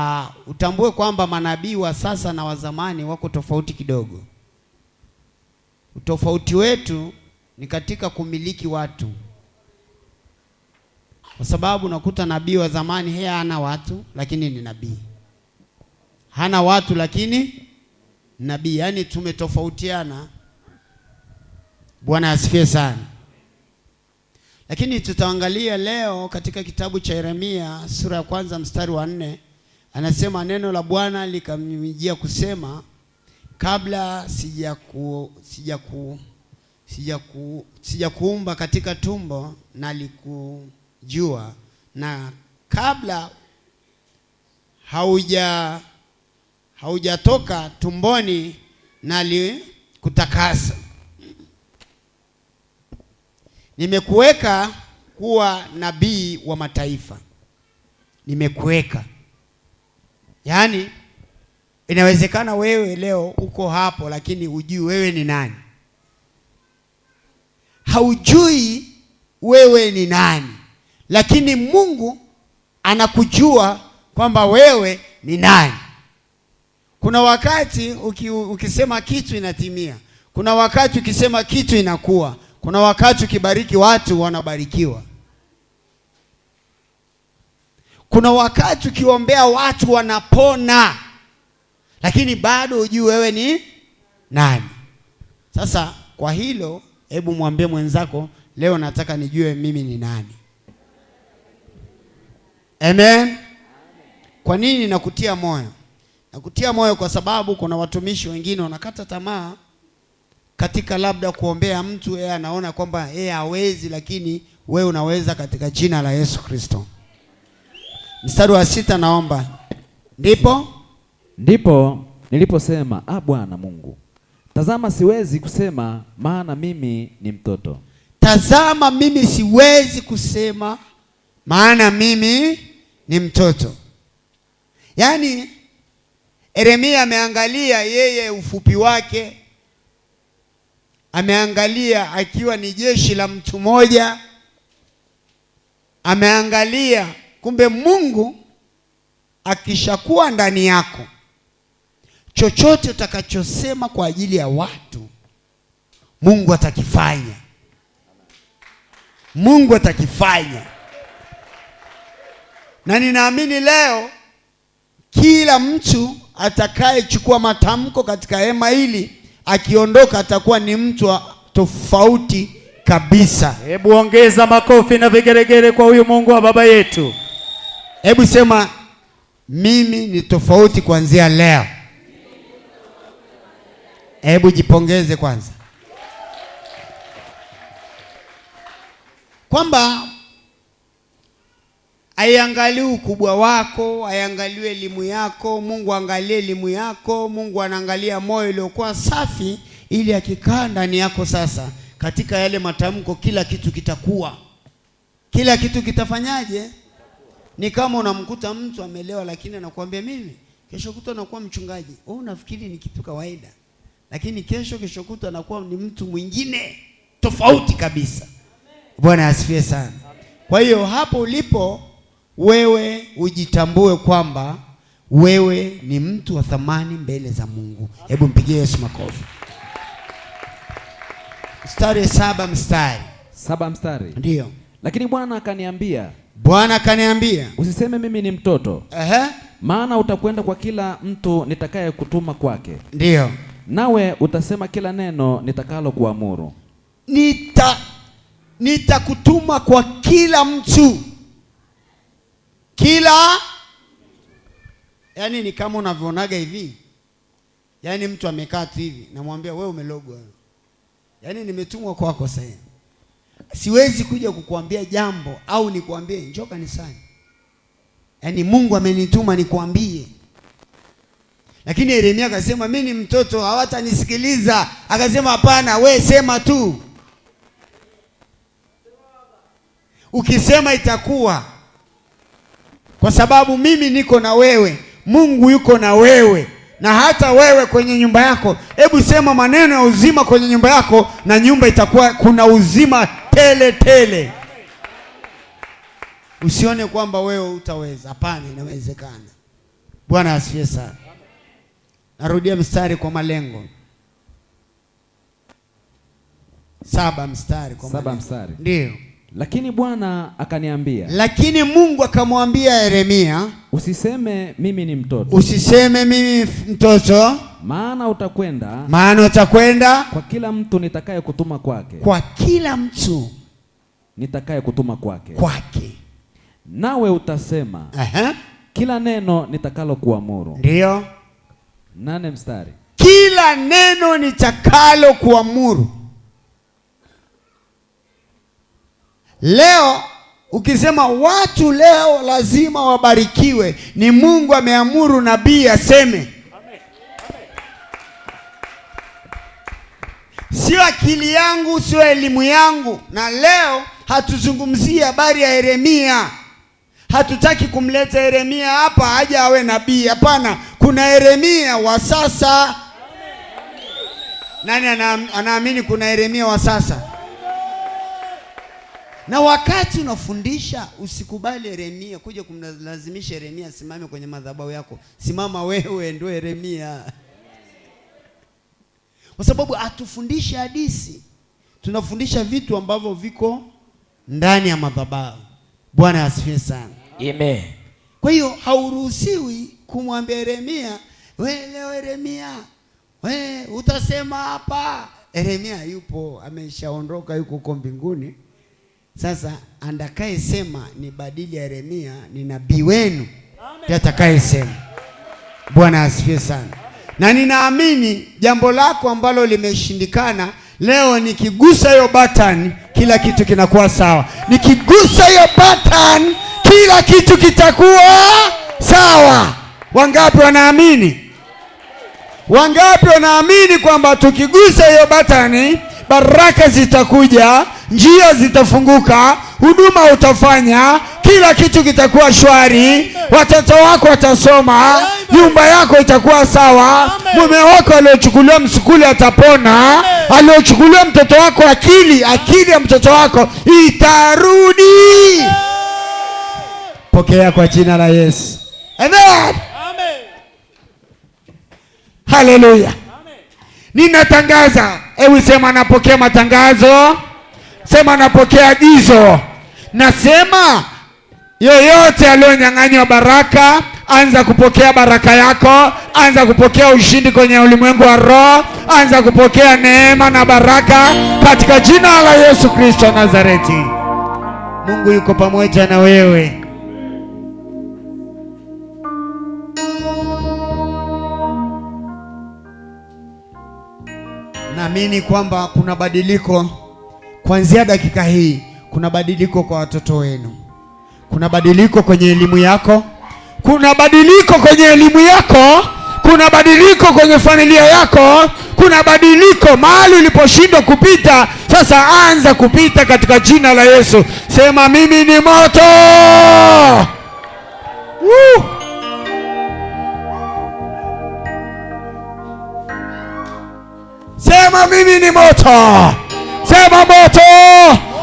Uh, utambue kwamba manabii wa sasa na wa zamani wako tofauti kidogo. Utofauti wetu ni katika kumiliki watu, kwa sababu unakuta nabii wa zamani heya hana watu lakini ni nabii, hana watu lakini nabii. Yaani tumetofautiana. Bwana asifiwe sana. Lakini tutaangalia leo katika kitabu cha Yeremia sura ya kwanza mstari wa nne Anasema neno la Bwana likamjia kusema, kabla sija ku, sija sijakuumba katika tumbo nalikujua, na kabla hauja haujatoka tumboni nalikutakasa. Nimekuweka kuwa nabii wa mataifa, nimekuweka Yaani inawezekana wewe leo uko hapo, lakini hujui wewe ni nani. Haujui wewe ni nani, lakini Mungu anakujua kwamba wewe ni nani. Kuna wakati uki, ukisema kitu inatimia. Kuna wakati ukisema kitu inakuwa. Kuna wakati ukibariki watu wanabarikiwa. Kuna wakati ukiombea watu wanapona, lakini bado hujui wewe ni nani. Sasa kwa hilo, hebu mwambie mwenzako leo, nataka nijue mimi ni nani. Amen. Kwa nini nakutia moyo? Nakutia moyo kwa sababu kuna watumishi wengine wanakata tamaa katika labda kuombea mtu, yeye anaona kwamba yeye hawezi, lakini wewe unaweza katika jina la Yesu Kristo. Mstari wa sita naomba. Ndipo ndipo niliposema, ah, Bwana Mungu, tazama siwezi kusema, maana mimi ni mtoto. Tazama mimi siwezi kusema, maana mimi ni mtoto. Yaani Yeremia ameangalia yeye ufupi wake, ameangalia akiwa ni jeshi la mtu mmoja, ameangalia Kumbe Mungu akishakuwa ndani yako, chochote utakachosema kwa ajili ya watu Mungu atakifanya. Mungu atakifanya, na ninaamini leo kila mtu atakayechukua matamko katika hema hili akiondoka atakuwa ni mtu tofauti kabisa. Hebu ongeza makofi na vigeregere kwa huyu Mungu wa baba yetu. Hebu sema mimi ni tofauti kuanzia leo. Hebu jipongeze kwanza kwamba aiangalie ukubwa wako, aiangalie elimu yako. Mungu angalie elimu yako. Mungu anaangalia moyo uliokuwa safi, ili akikaa ndani yako sasa, katika yale matamko, kila kitu kitakuwa, kila kitu kitafanyaje? Ni kama unamkuta mtu amelewa, lakini anakuambia mimi kesho kutwa nakuwa mchungaji. Wewe oh, unafikiri ni kitu kawaida, lakini kesho kesho kutwa anakuwa ni mtu mwingine tofauti kabisa. Bwana asifiwe sana. Kwa hiyo hapo ulipo wewe ujitambue kwamba wewe ni mtu wa thamani mbele za Mungu. Hebu mpigie Yesu makofi. Mstari saba mstari saba mstari, ndio. Lakini Bwana akaniambia Bwana akaniambia usiseme mimi ni mtoto. Ehe. Maana utakwenda kwa kila mtu nitakaye kutuma kwake, ndio nawe utasema kila neno nitakalo kuamuru. Nita nitakutuma kwa kila mtu, kila yaani, ni kama unavyoonaga hivi, yaani mtu amekaa tu hivi, namwambia wewe umelogwa, yaani nimetumwa kwako sasa Siwezi kuja kukuambia jambo au nikuambie njoo kanisani, yaani Mungu amenituma nikuambie. Lakini Yeremia akasema mimi ni mtoto, hawatanisikiliza. Akasema hapana, we sema tu, ukisema itakuwa, kwa sababu mimi niko na wewe, Mungu yuko na wewe na hata wewe kwenye nyumba yako, hebu sema maneno ya uzima kwenye nyumba yako, na nyumba itakuwa kuna uzima tele tele. Usione kwamba wewe utaweza, hapana, inawezekana. Bwana asifiwe sana. Narudia mstari kwa malengo saba, mstari kwa malengo, ndio lakini Bwana akaniambia. Lakini Mungu akamwambia Yeremia, usiseme mimi ni mtoto. Usiseme mimi mtoto, maana utakwenda. Maana utakwenda kwa kila mtu nitakaye kutuma kwake. Kwa kila mtu nitakaye kutuma kwake. Kwake. Nawe utasema. Aha. Kila neno nitakalo kuamuru. Ndio. Nane mstari. Kila neno nitakalo kuamuru. Leo ukisema watu leo lazima wabarikiwe, ni Mungu ameamuru nabii aseme, sio akili yangu, sio elimu yangu. Na leo hatuzungumzii habari ya Yeremia. Hatutaki kumleta Yeremia hapa aje awe nabii, hapana. Kuna Yeremia wa sasa. Nani anaamini kuna Yeremia wa sasa? Na wakati unafundisha usikubali Yeremia kuja kumlazimisha Yeremia simame kwenye madhabahu yako. Simama wewe ndio Yeremia, kwa sababu hatufundishi hadithi, tunafundisha vitu ambavyo viko ndani ya madhabahu. Bwana asifiwe sana, amen. Kwa hiyo hauruhusiwi kumwambia Yeremia, we leo Yeremia, we utasema hapa. Yeremia yupo ameshaondoka, yuko huko mbinguni. Sasa andakayesema sema ni badili ya Yeremia, ni nabii wenu atakaye sema. Bwana asifiwe sana. Na ninaamini jambo lako ambalo limeshindikana leo, nikigusa hiyo button, kila kitu kinakuwa sawa. Nikigusa hiyo button, kila kitu kitakuwa sawa. Wangapi wanaamini? Wangapi wanaamini kwamba tukigusa hiyo batani baraka zitakuja njia zitafunguka, huduma utafanya, kila kitu kitakuwa shwari, watoto wako watasoma, nyumba yako itakuwa sawa, mume wako aliochukuliwa msukuli atapona, aliochukuliwa mtoto wako akili, akili ya mtoto wako itarudi. Pokea kwa jina la Yesu, amen. Haleluya, ninatangaza. Ewe sema, napokea matangazo Sema napokea agizo. Nasema yoyote aliyonyang'anywa baraka, anza kupokea baraka yako, anza kupokea ushindi kwenye ulimwengu wa roho, anza kupokea neema na baraka katika jina la Yesu Kristo Nazareti. Mungu yuko pamoja na wewe. Naamini kwamba kuna badiliko Kuanzia dakika hii kuna badiliko kwa watoto wenu, kuna badiliko kwenye elimu yako, kuna badiliko kwenye elimu yako, kuna badiliko kwenye familia yako, kuna badiliko mahali uliposhindwa kupita. Sasa anza kupita katika jina la Yesu. Sema mimi ni moto Woo! Sema mimi ni moto. Sema moto,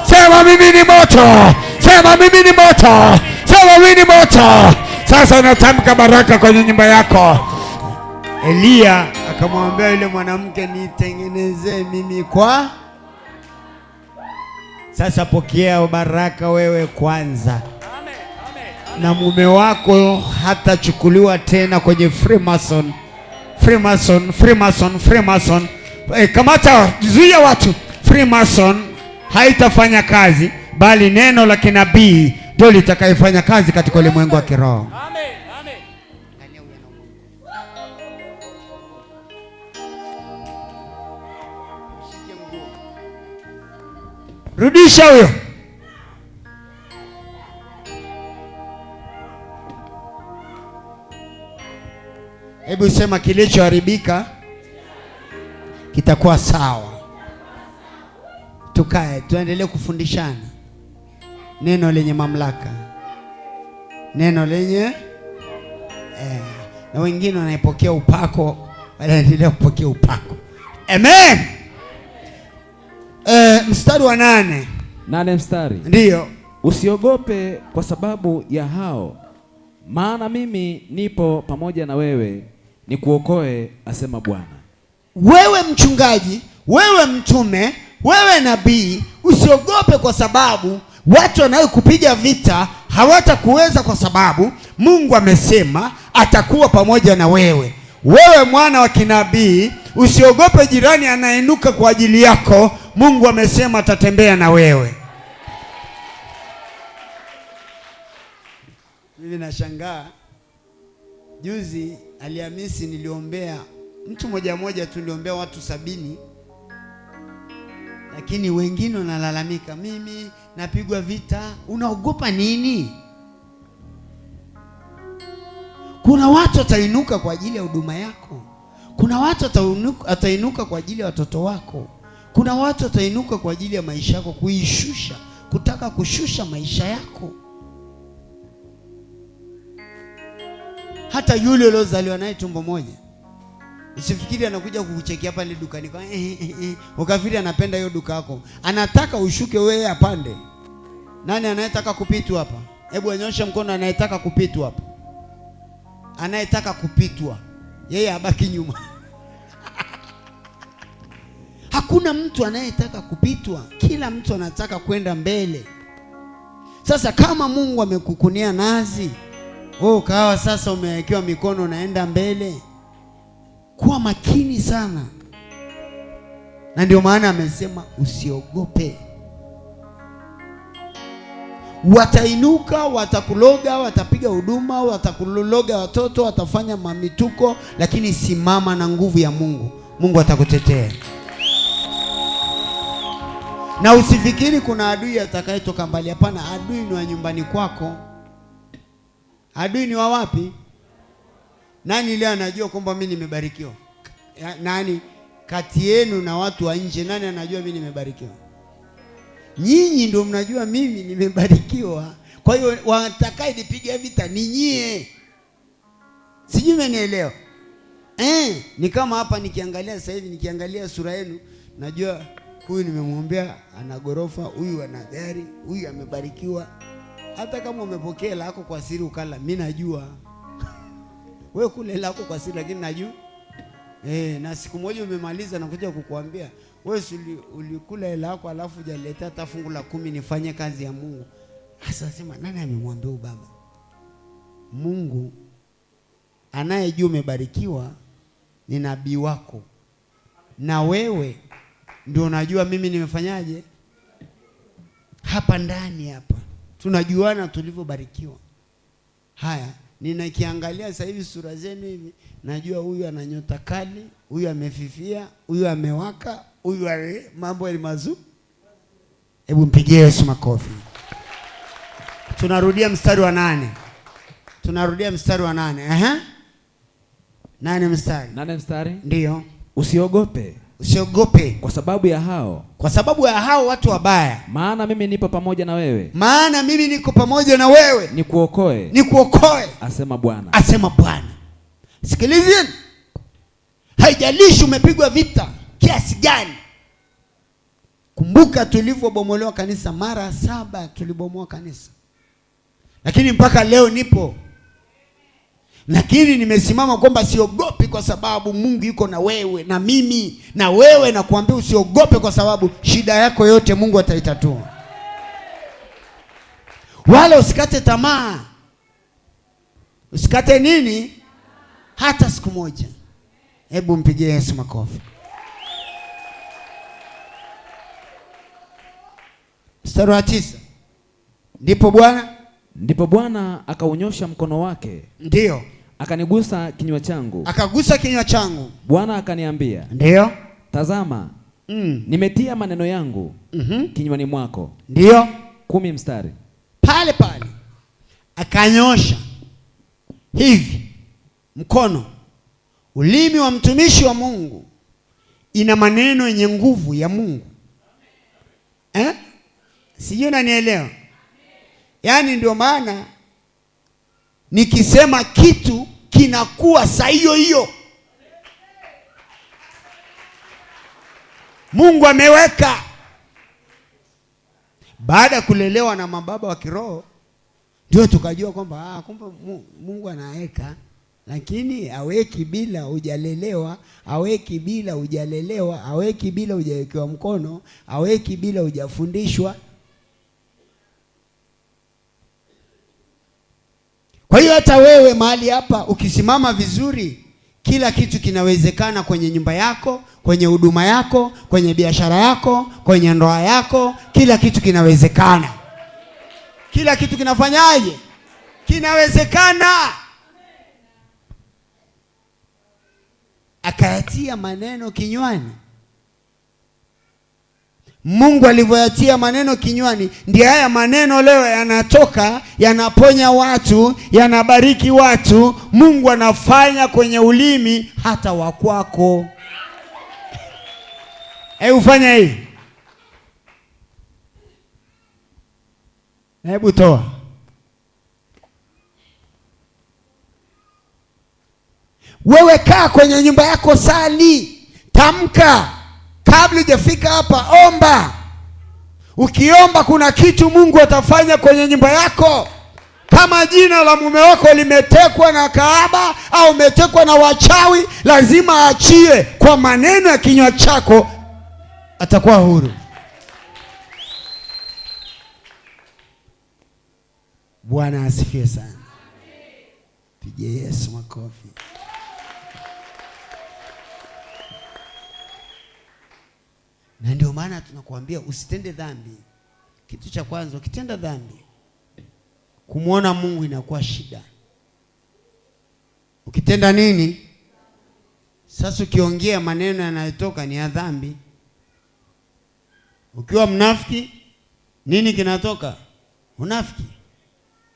sema mimi ni moto, sema mimi ni moto, sema mimi ni moto. Sasa natamka baraka kwenye nyumba yako. Eliya akamwambia yule mwanamke, nitengenezee mimi kwa sasa. Pokea baraka wewe kwanza, Na mume wako hatachukuliwa tena kwenye Freemason, Freemason, Freemason, Freemason. Hey, eh, kamata, zuia watu Freemason haitafanya kazi, bali neno la kinabii ndio litakayefanya kazi katika ulimwengu wa kiroho. Rudisha huyo. Hebu sema kilichoharibika kitakuwa sawa. Tukae tuendelee kufundishana neno lenye mamlaka, neno lenye eh, na wengine wanaipokea upako, wanaendelea kupokea upako. Amen. Eh, mstari wa nane nane mstari ndiyo, usiogope kwa sababu ya hao, maana mimi nipo pamoja na wewe, nikuokoe asema Bwana. Wewe mchungaji, wewe mtume wewe nabii, usiogope kwa sababu watu wanayokupiga vita hawatakuweza, kwa sababu Mungu amesema atakuwa pamoja na wewe. Wewe mwana wa kinabii, usiogope jirani anainuka kwa ajili yako. Mungu amesema atatembea na wewe. Mimi nashangaa, juzi Alhamisi niliombea mtu mmoja mmoja tu, niliombea watu sabini lakini wengine wanalalamika, mimi napigwa vita. Unaogopa nini? Kuna watu watainuka kwa ajili ya huduma yako. Kuna watu watainuka kwa ajili ya watoto wako. Kuna watu watainuka kwa ajili ya maisha yako, kuishusha, kutaka kushusha maisha yako. Hata yule uliozaliwa naye tumbo moja Usifikiri anakuja kukuchekea pale dukani kwa eh, eh, eh. eh. Ukafikiri anapenda hiyo duka yako, anataka ushuke wewe apande. Nani anayetaka kupitwa hapa? Hebu anyoshe mkono, anayetaka kupitwa hapa, anayetaka kupitwa, yeye abaki nyuma. Hakuna mtu anayetaka kupitwa, kila mtu anataka kwenda mbele. Sasa kama Mungu amekukunia nazi wewe, oh, ukawa sasa umewekewa mikono, unaenda mbele kuwa makini sana, na ndio maana amesema usiogope. Watainuka, watakuloga, watapiga huduma, watakuloga watoto, watafanya mamituko, lakini simama na nguvu ya Mungu. Mungu atakutetea, na usifikiri kuna adui atakayetoka mbali. Hapana, adui ni wa nyumbani kwako. Adui ni wa wapi? Nani leo anajua kwamba mimi nimebarikiwa? Nani kati yenu na watu wa nje, nani anajua mimi nimebarikiwa? Nyinyi ndio mnajua mimi nimebarikiwa. Kwa hiyo watakaye nipiga vita ni nyie, sijui mmenielewa eh? Ni kama hapa nikiangalia sasa hivi, nikiangalia sura yenu najua huyu nimemwombea ana gorofa, huyu ana gari, huyu amebarikiwa. Hata kama umepokea lako kwa siri ukala, mimi najua wewe kule lako kwa siri, lakini najua eh, na siku moja umemaliza nakuja kukuambia wewe si ulikula hela yako alafu hujaleta hata fungu la kumi nifanye kazi ya Mungu. Sasa sema nani amemwambia baba? Mungu anayejua umebarikiwa ni nabii wako, na wewe ndio unajua mimi nimefanyaje hapa ndani hapa, tunajuana tulivyobarikiwa. Haya, Ninakiangalia sasa hivi sura zenu hivi, najua huyu ana nyota kali, huyu amefifia, huyu amewaka, huyu mambo ni mazuri. Hebu mpigie Yesu makofi. Tunarudia mstari wa nane, tunarudia mstari wa nane. Aha, nane mstari, nane mstari, ndio Usiogope, Usiogope kwa sababu ya hao, kwa sababu ya hao watu wabaya, maana mimi nipo pamoja na wewe, maana mimi niko pamoja na wewe, nikuokoe, nikuokoe, asema Bwana, asema Bwana. Sikilizeni, haijalishi umepigwa vita kiasi gani. Kumbuka tulivyobomolewa kanisa mara saba, tulibomoa kanisa, lakini mpaka leo nipo lakini nimesimama kwamba siogopi kwa sababu Mungu yuko na wewe na mimi na wewe, nakuambia usiogope kwa sababu shida yako yote Mungu ataitatua, wala usikate tamaa, usikate nini hata siku moja. Hebu mpigie Yesu makofi. Mstari wa tisa, ndipo Bwana ndipo Bwana akaunyosha mkono wake, ndio Akanigusa kinywa changu, akagusa kinywa changu. Bwana akaniambia, ndio tazama mm. nimetia maneno yangu mm -hmm. kinywani mwako. ndio kumi mstari pale pale, akanyosha hivi mkono. Ulimi wa mtumishi wa Mungu ina maneno yenye nguvu ya Mungu eh? Sijui unanielewa? Yaani ndio maana nikisema kitu kinakuwa saa hiyo hiyo. Mungu ameweka. Baada ya kulelewa na mababa wa kiroho, ndio tukajua kwamba ah, kumbe Mungu anaweka, lakini aweki bila hujalelewa, aweki bila hujalelewa, aweki bila hujawekewa mkono, aweki bila hujafundishwa. Kwa hiyo hata wewe mahali hapa ukisimama vizuri, kila kitu kinawezekana kwenye nyumba yako, kwenye huduma yako, kwenye biashara yako, kwenye ndoa yako, kila kitu kinawezekana. Kila kitu kinafanyaje? Kinawezekana. Akayatia maneno kinywani. Mungu alivyoyatia maneno kinywani, ndiyo haya maneno leo yanatoka, yanaponya watu, yanabariki watu. Mungu anafanya kwenye ulimi hata wa kwako. Hebu fanya hii, hebu toa. Wewe kaa kwenye nyumba yako, sali, tamka Kabla hujafika hapa, omba. Ukiomba kuna kitu Mungu atafanya kwenye nyumba yako. Kama jina la mume wako limetekwa na kahaba au umetekwa na wachawi, lazima aachie. Kwa maneno ya kinywa chako atakuwa huru. Bwana asifiwe sana. Pige Yesu makofi. Na ndio maana tunakuambia usitende dhambi. Kitu cha kwanza, ukitenda dhambi kumwona Mungu inakuwa shida. Ukitenda nini? Sasa ukiongea maneno yanayotoka ni ya dhambi. Ukiwa mnafiki nini kinatoka? Unafiki.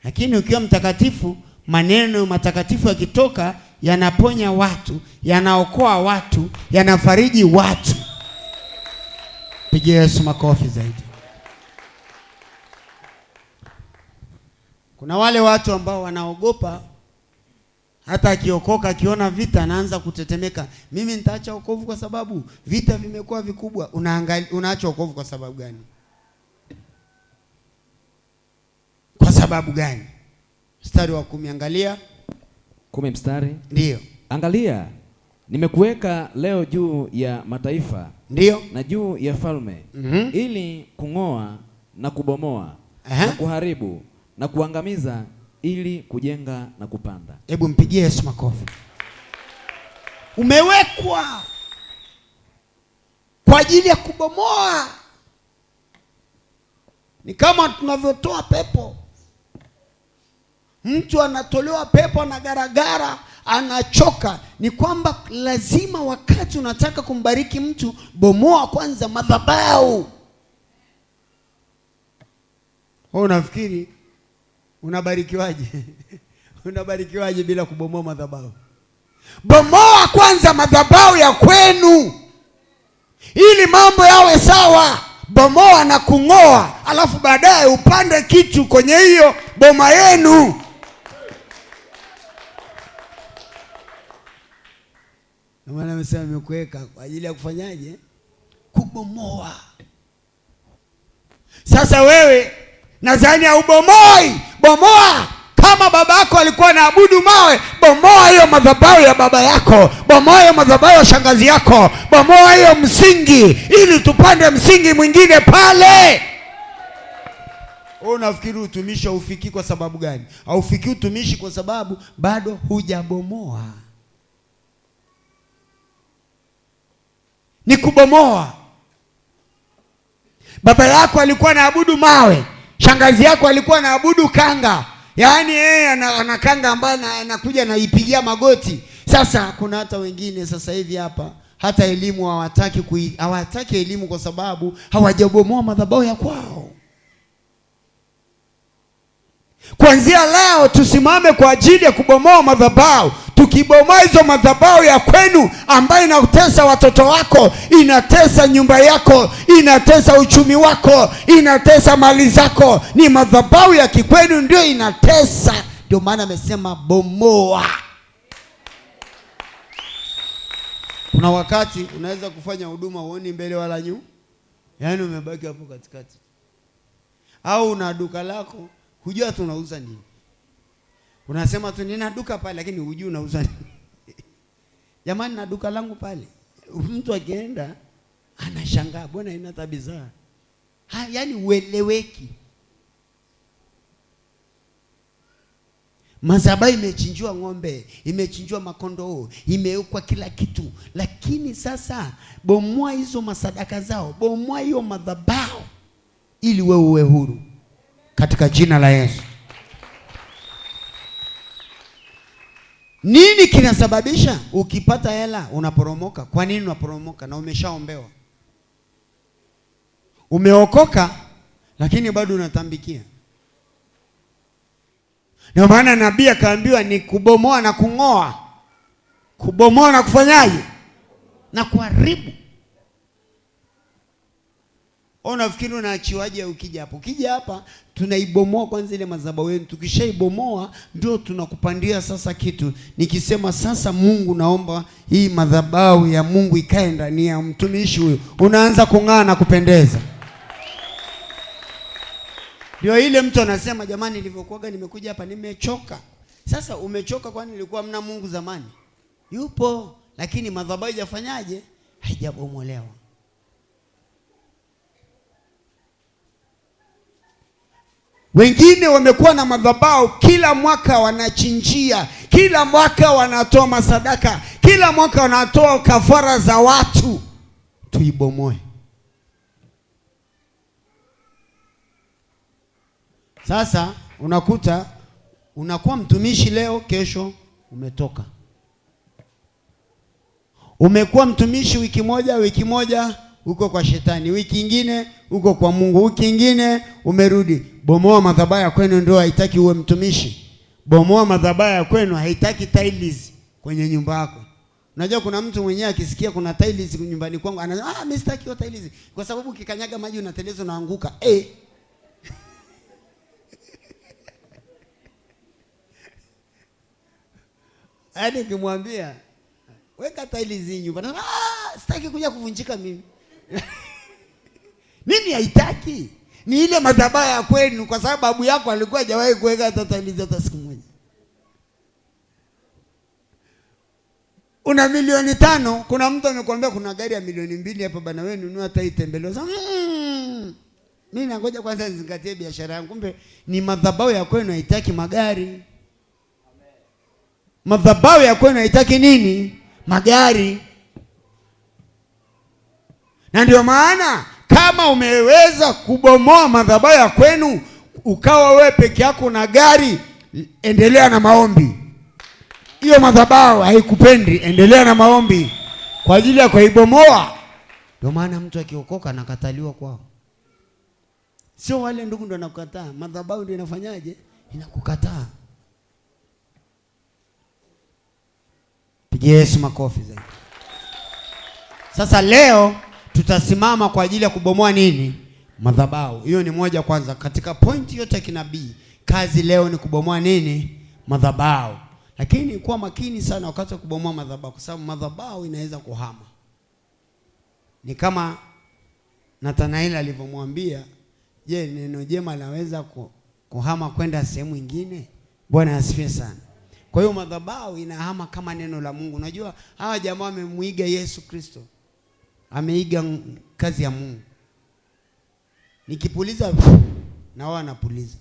Lakini ukiwa mtakatifu, maneno matakatifu yakitoka yanaponya watu, yanaokoa watu, yanafariji watu. Mpigie Yesu makofi zaidi. Kuna wale watu ambao wanaogopa hata akiokoka akiona vita anaanza kutetemeka. Mimi nitaacha wokovu kwa sababu vita vimekuwa vikubwa. Unaangalia, unaacha wokovu kwa sababu gani? Kwa sababu gani? Mstari wa kumi, angalia kumi mstari, Ndio, angalia nimekuweka leo juu ya mataifa ndio na juu ya falme mm -hmm. ili kung'oa na kubomoa Aha. na kuharibu na kuangamiza ili kujenga na kupanda. Hebu mpigie Yesu makofi. Umewekwa kwa ajili ya kubomoa. Ni kama tunavyotoa pepo, mtu anatolewa pepo na garagara anachoka. Ni kwamba lazima, wakati unataka kumbariki mtu, bomoa kwanza madhabahu. Wewe unafikiri unabarikiwaje? unabarikiwaje bila kubomoa madhabahu? Bomoa kwanza madhabahu ya kwenu ili mambo yawe sawa. Bomoa na kung'oa, alafu baadaye upande kitu kwenye hiyo boma yenu. Ndio maana amesema nimekuweka kwa ajili ya kufanyaje? Kubomoa. Sasa wewe nadhani haubomoi. Bomoa. Kama baba yako alikuwa anaabudu mawe, bomoa hiyo madhabahu ya baba yako, bomoa hiyo madhabahu ya shangazi yako, bomoa hiyo msingi ili tupande msingi mwingine pale. Wewe unafikiri utumishi haufikii kwa sababu gani? Haufikii utumishi kwa sababu bado hujabomoa. ni kubomoa. Baba yako alikuwa anaabudu mawe, shangazi yako alikuwa anaabudu kanga, yaani yeye ana kanga ambayo anakuja anaipigia magoti. Sasa kuna hata wengine sasa hivi hapa hata elimu hawataki kui, hawataki elimu kwa sababu hawajabomoa madhabahu ya kwao. Kuanzia leo tusimame kwa ajili ya kubomoa madhabahu tukibomoa hizo madhabahu ya kwenu ambayo inatesa watoto wako, inatesa nyumba yako, inatesa uchumi wako, inatesa mali zako. Ni madhabahu ya kikwenu ndio inatesa. Ndio maana amesema bomoa. Kuna wakati unaweza kufanya huduma uoni mbele wala nyuma, yaani umebaki hapo katikati, au una duka lako hujua tunauza nini Unasema tu nina duka pale, lakini hujui unauza nini. Jamani, na duka langu pale, mtu akienda anashangaa, bwana ina tabizaa ha, yaani ueleweki. Mazabai imechinjiwa ng'ombe, imechinjiwa makondoo, imewekwa kila kitu, lakini sasa bomoa hizo masadaka zao, bomoa hiyo madhabahu ili wewe uwe huru katika jina la Yesu. Nini kinasababisha ukipata hela unaporomoka? Kwa nini unaporomoka na umeshaombewa? Umeokoka lakini bado unatambikia. Ndio maana nabii akaambiwa ni kubomoa na kung'oa. Kubomoa na kufanyaje? Na kuharibu. Unafikiri unaachiwaje ukija hapa? Ukija hapa tunaibomoa kwanza ile madhabahu yenu. Tukishaibomoa ndio tunakupandia sasa kitu. Nikisema sasa, Mungu, naomba hii madhabahu ya Mungu ikae ndani ya mtumishi huyu, unaanza kung'aa na kupendeza. Ndio ile mtu anasema, jamani, nilivyokuaga nimekuja hapa nimechoka. Sasa umechoka, kwani nilikuwa mna Mungu zamani? Yupo, lakini madhabahu haijafanyaje? Haijabomolewa. Wengine wamekuwa na madhabahu kila mwaka wanachinjia, kila mwaka wanatoa masadaka, kila mwaka wanatoa kafara za watu. Tuibomoe. Sasa unakuta unakuwa mtumishi leo, kesho umetoka, umekuwa mtumishi wiki moja, wiki moja uko kwa shetani, wiki ingine uko kwa Mungu, wiki ingine umerudi. Bomoa madhabahu ya kwenu, ndio haitaki uwe mtumishi. Bomoa madhabahu ya kwenu, haitaki tiles kwenye nyumba yako. Unajua kuna mtu mwenyewe akisikia kuna tiles nyumbani kwangu anasema ah, mimi sitaki hiyo tiles, kwa sababu ukikanyaga maji unateleza, unaanguka eh. Hadi yaani ukimwambia weka tiles hii nyumba, ah, sitaki kuja kuvunjika mimi. nini haitaki ni ile madhabahu ya kwenu, kwa sababu babu yako alikuwa hajawahi kuweka hata talizi hata siku moja. Una milioni tano, kuna mtu amekuambia kuna gari ya milioni mbili hapa bana, wewe nunua hata itembeleo. Sasa mm, mimi nangoja kwanza nizingatie biashara yangu. Kumbe ni madhabahu ya kwenu haitaki magari. Madhabahu ya kwenu haitaki nini? Magari. Na ndio maana kama umeweza kubomoa madhabahu ya kwenu ukawa wewe peke yako na gari, endelea na maombi. Hiyo madhabahu haikupendi, endelea na maombi kwa ajili ya kuibomoa. Ndio maana mtu akiokoka anakataliwa kwao, sio wale ndugu ndio anakukataa, madhabahu ndio inafanyaje, inakukataa. Pigie Yesu makofi zaidi. Sasa leo tutasimama kwa ajili ya kubomoa nini? Madhabahu. Hiyo ni moja kwanza, katika pointi yote ya kinabii, kazi leo ni kubomoa nini? Madhabahu. Lakini kuwa makini sana wakati wa kubomoa madhabahu, kwa sababu madhabahu inaweza kuhama. Ni kama Nathanaeli alivyomwambia, je, neno jema linaweza kuhama kwenda sehemu ingine? Bwana asifiwe sana. Kwa hiyo madhabahu inahama kama neno la Mungu. Unajua hawa jamaa wamemwiga Yesu Kristo ameiga kazi ya Mungu. Nikipuliza na wao anapuliza,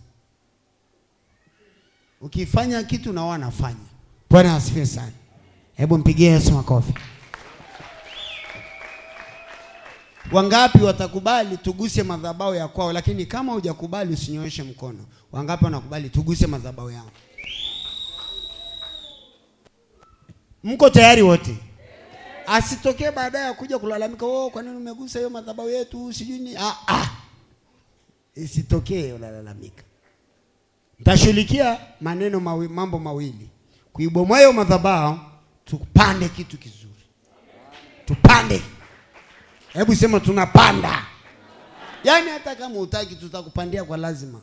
ukifanya kitu na wao anafanya. Bwana asifiwe sana. Hebu mpigie Yesu makofi. Wangapi watakubali tuguse madhabahu ya kwao? Lakini kama hujakubali usinyooshe mkono. Wangapi wanakubali tuguse madhabahu yao? Mko tayari wote? asitokee baadaye akuja kulalamika, oh, kwa nini umegusa hiyo madhabahu yetu sijui ni ah, ah. Isitokee unalalamika. Ntashughulikia maneno mawi, mambo mawili kuibomoa hiyo madhabahu, tupande kitu kizuri, tupande. Hebu sema tunapanda, yaani hata kama utaki tutakupandia kwa lazima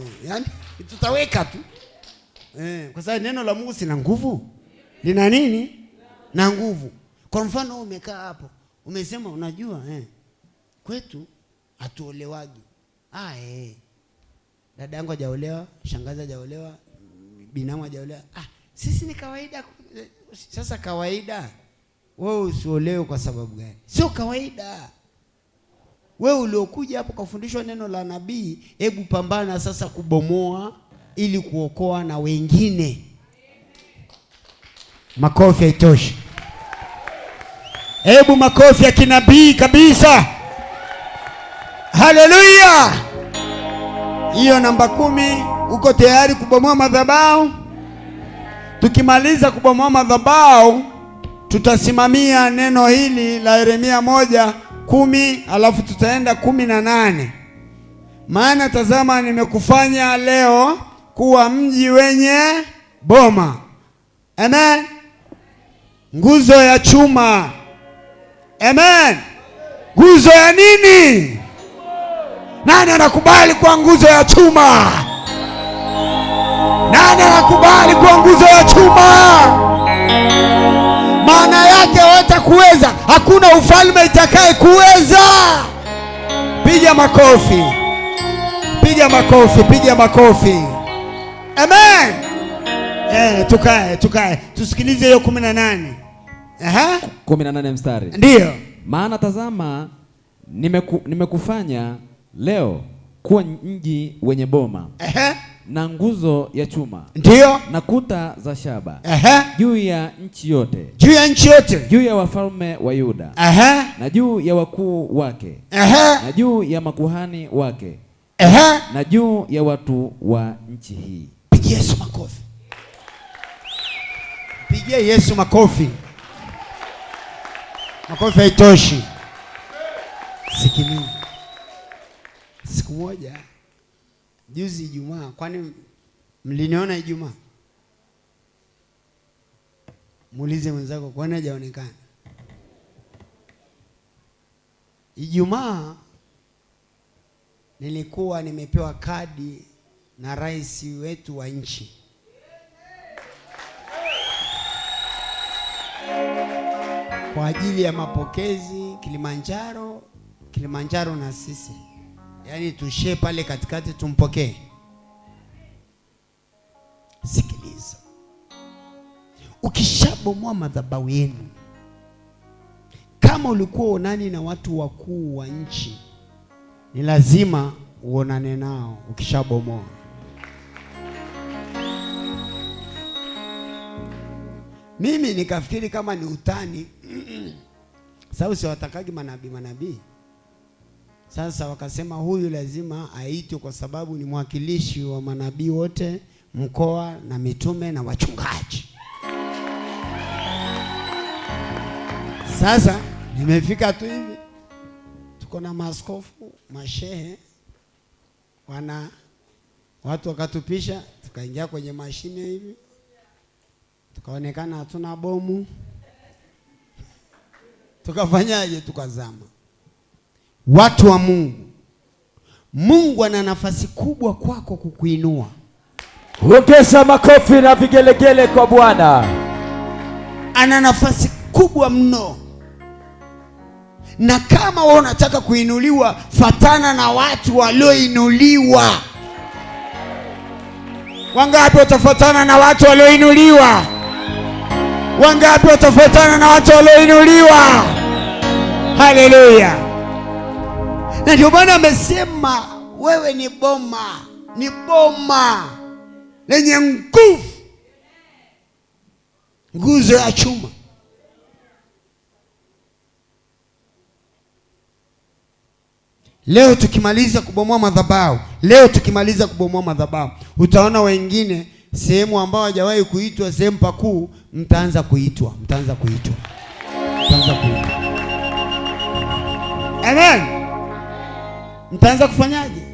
eh, yaani tutaweka tu eh, kwa sababu neno la Mungu sina nguvu lina nini na nguvu. Kwa mfano umekaa hapo umesema, unajua eh, kwetu hatuolewagi. Ah, eh, dada yangu hajaolewa, shangazi hajaolewa, binamu hajaolewa. Ah, sisi ni kawaida. Eh, sasa kawaida wewe usiolewe kwa sababu gani? Sio kawaida. Wewe uliokuja hapo kafundishwa neno la nabii, hebu pambana sasa kubomoa ili kuokoa na wengine. Makofi yaitosha. Hebu makofi ya kinabii kabisa. Haleluya! Hiyo namba kumi, uko tayari kubomoa madhabahu? Tukimaliza kubomoa madhabahu, tutasimamia neno hili la Yeremia moja kumi, alafu tutaenda kumi na nane. Maana tazama, nimekufanya leo kuwa mji wenye boma. Amen. Nguzo ya chuma Amen. Nguzo ya nini? Nani anakubali kuwa nguzo ya chuma? Nani anakubali kuwa nguzo ya chuma? Maana yake kuweza hakuna ufalme itakaye kuweza. Piga makofi, piga makofi, piga makofi. Amen. Eh, tukae, tukae tusikilize hiyo kumi na nane kumi na nane mstari ndiyo maana tazama, nimeku, nimekufanya leo kuwa mji wenye boma Aha. na nguzo ya chuma ndiyo na kuta za shaba juu ya nchi yote juu ya nchi yote juu ya wafalme wa Yuda Aha. na juu ya wakuu wake Aha. na juu ya makuhani wake Aha. na juu ya watu wa nchi hii. Pigie Yesu makofi, pigie Yesu makofi. Makofi haitoshi. Sikiliza, siku moja juzi Ijumaa, kwani mliniona Ijumaa? Muulize mwenzako kwani hajaonekana Ijumaa. Nilikuwa nimepewa kadi na rais wetu wa nchi kwa ajili ya mapokezi Kilimanjaro, Kilimanjaro na sisi, yaani tushe pale katikati tumpokee. Sikiliza, ukishabomoa madhabahu yenu, kama ulikuwa uonani na watu wakuu wa nchi, ni lazima uonane nao ukishabomoa. Mimi nikafikiri kama ni utani sababu watakagi manabii manabii. Sasa wakasema huyu lazima aitwe, kwa sababu ni mwakilishi wa manabii wote mkoa na mitume na wachungaji. Sasa nimefika tu hivi, tuko na maaskofu, mashehe, wana watu wakatupisha, tukaingia kwenye mashine hivi, tukaonekana hatuna bomu tukafanyaje? Tukazama. Watu wa Mungu, Mungu ana nafasi kubwa kwako kukuinua. Ongeza makofi na vigelegele kwa Bwana. Ana nafasi kubwa mno, na kama wewe unataka kuinuliwa, fatana na watu walioinuliwa. Wangapi watafuatana na watu walioinuliwa? Wangapi watafuatana na watu walioinuliwa? Haleluya! Na ndio Bwana amesema wewe ni boma, ni boma lenye nguvu, nguzo ya chuma. Leo tukimaliza kubomoa madhabahu, leo tukimaliza kubomoa madhabahu, utaona wengine sehemu ambao hawajawahi kuitwa sehemu pakuu, mtaanza kuitwa, mtaanza kuitwa, mtaanza kuitwa Amen. Mtaanza kufanyaje?